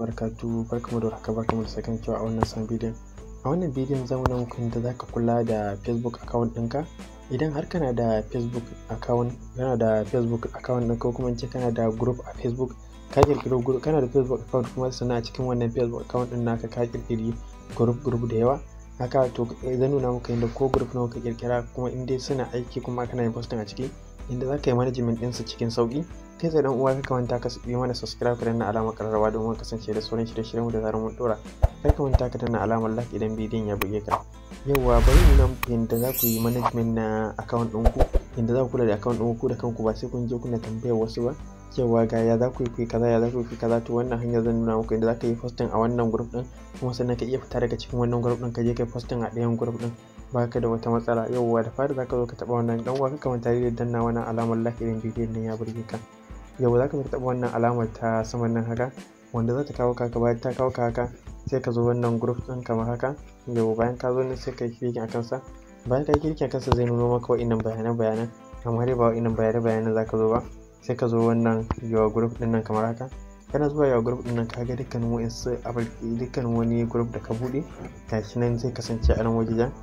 barkatu barkamu da warhaka barkamu da sakan cewa a wannan sabon bidiyon a wannan bidiyon zamu nuna muku yadda zaka kula da facebook account ɗinka idan har kana da facebook account kana da facebook account ɗinka ko kuma in ce kana da group a facebook ka kirkiri group kana da facebook account kuma sannan a cikin wannan facebook account ɗin naka ka kirkiri group group da yawa haka to zan nuna muku yadda ko group nawa ka kirkira kuma in dai suna aiki kuma kana yin posting a ciki inda za ka yi management ɗinsu cikin sauƙi kai tsaye dan uwa ka manta ka yi mana subscribe ka danna alamar ƙararrawa domin kasance da sauran shirye-shiryen da zarar mun ɗora kai ka manta ka danna alamar like idan bidiyon ya buge ka yawa bari mu nan yadda za ku yi management na account ɗinku yadda za ku kula da account ɗinku da kanku ba sai kun je kuna tambayar wasu ba cewa ga ya za ku yi kaza ya za ku yi kaza to wannan hanyar zan nuna muku yadda za ka yi posting a wannan group ɗin kuma sannan ka iya fita daga cikin wannan group ɗin ka je kai posting a ɗayan group ɗin baka da wata matsala yauwa da fari zaka zo ka taba wannan dan uwa kaka tare da danna wannan alamar like din bidiyon din ya burge ka yau zaka zo ka taba wannan alamar ta saman nan haka wanda za ta kawo ka bayan ta kawo ka haka sai ka zo wannan group din kamar haka yau bayan ka zo ne sai ka yi kirkin akan sa bayan ka yi kirkin akan sa zai nuno maka wa'innan bayanan bayanan amma dai ba wa'innan bayanan bayanan zaka zo ba sai ka zo wannan your group din nan kamar haka kana zuwa yawa group din nan ka ga dukkanin wa'insu dukkan wani group da ka bude gashi nan sai kasance a nan wajen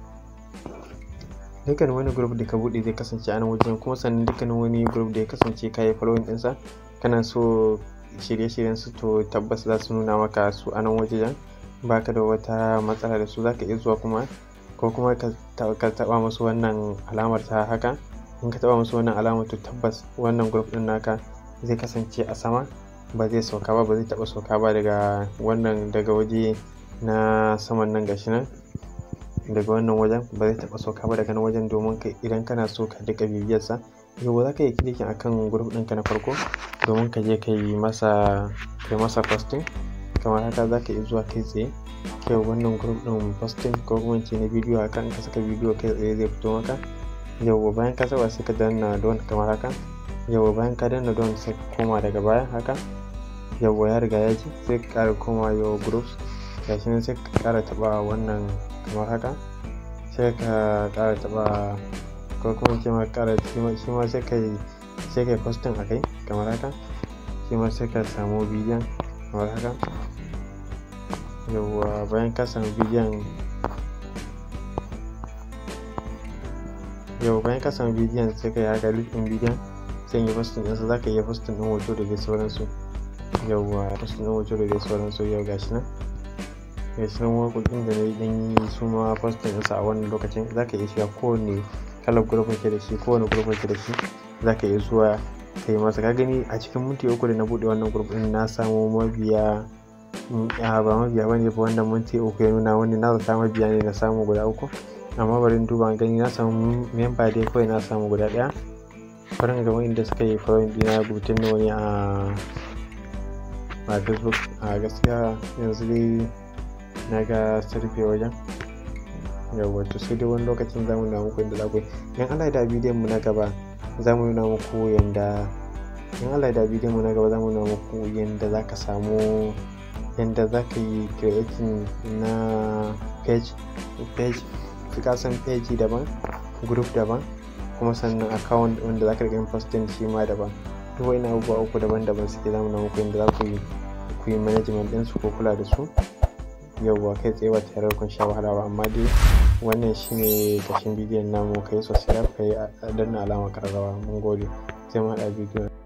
dukkanin wani group da ka bude zai kasance a nan wajen kuma sannan dukkanin wani group da ya kasance ka yi following sa kana so shirye-shiryen su to tabbas za su nuna maka su a nan wajen ka da wata matsala da su zaka iya zuwa kuma ko kuma ka taba musu wannan alamar ta haka in ka taba musu wannan alamar to tabbas wannan group din naka zai kasance a sama ba zai sauka ba ba zai taba sauka ba daga wannan daga waje na saman nan gashi nan daga wannan wajen ba zai taɓa sauka ba daga nan wajen domin idan kana so ka duka bibiyarsa yau za ka yi a akan group ɗinka na farko domin ka je ka yi masa ka masa posting kamar haka za ka yi zuwa kai tsaye ka yi wannan group ɗin posting ko kuma ce na bidiyo akan ka saka bidiyo kai tsaye zai fito maka yau bayan ka saba sai ka danna don kamar haka yau bayan ka danna don sai ka koma daga baya haka yau ya riga ya ji sai ka ƙara koma yau groups gashi nan sai ka kara taba wannan kamar haka sai ka kara taba ko kuma ke ma kara shi ma sai ka yi sai ka yi kwastin a kai kamar haka shi ma sai ka samu bidiyon kamar haka yawwa bayan ka samu bidiyon yau bayan ka samu bidiyon sai ka yi haka lifin bidiyon sai yi postin ɗinsa za ka yi postin ɗin hoto da dai sauransu yauwa postin ɗin hoto da dai sauransu yau gashi nan daga waƙoƙin da na yi dan yi su ma posting ɗinsa a wannan lokacin za ka iya shiga kowane kalar gurbin ke da shi kowane gurbin ke da shi za ka iya zuwa ka yi masa ka gani a cikin minti uku da na buɗe wannan gurbin na samu mabiya a ba mabiya ba ne ba wannan minti uku ya nuna wani na zata mabiya ne na samu guda uku amma bari duba gani na samu memba dai kawai na samu guda ɗaya farin gaban inda suka yi farin dina gutun nawa wani a a facebook a gaskiya yanzu dai na ga sarfe wajen yawwa to sai dai wani lokacin zamu nuna muku yadda za ku yan Allah da bidiyon mu na gaba za nuna muku yadda yan Allah da bidiyon mu na gaba za mu nuna muku yadda za ka samu yadda za ka yi creating na page page kasan page daban group daban kuma sannan account wanda za ka riga posting shi ma daban duk wani abubuwa uku daban-daban suke zamu na muku yadda za ku yi ku yi management ɗinsu ko kula da su yauwa kai tsaye ba tare kun sha wahala ba amma dai wannan shine kashin bidiyon namu kai sosai subscribe ka yi danna alamar kararrawa mun gode sai mu haɗa bidiyon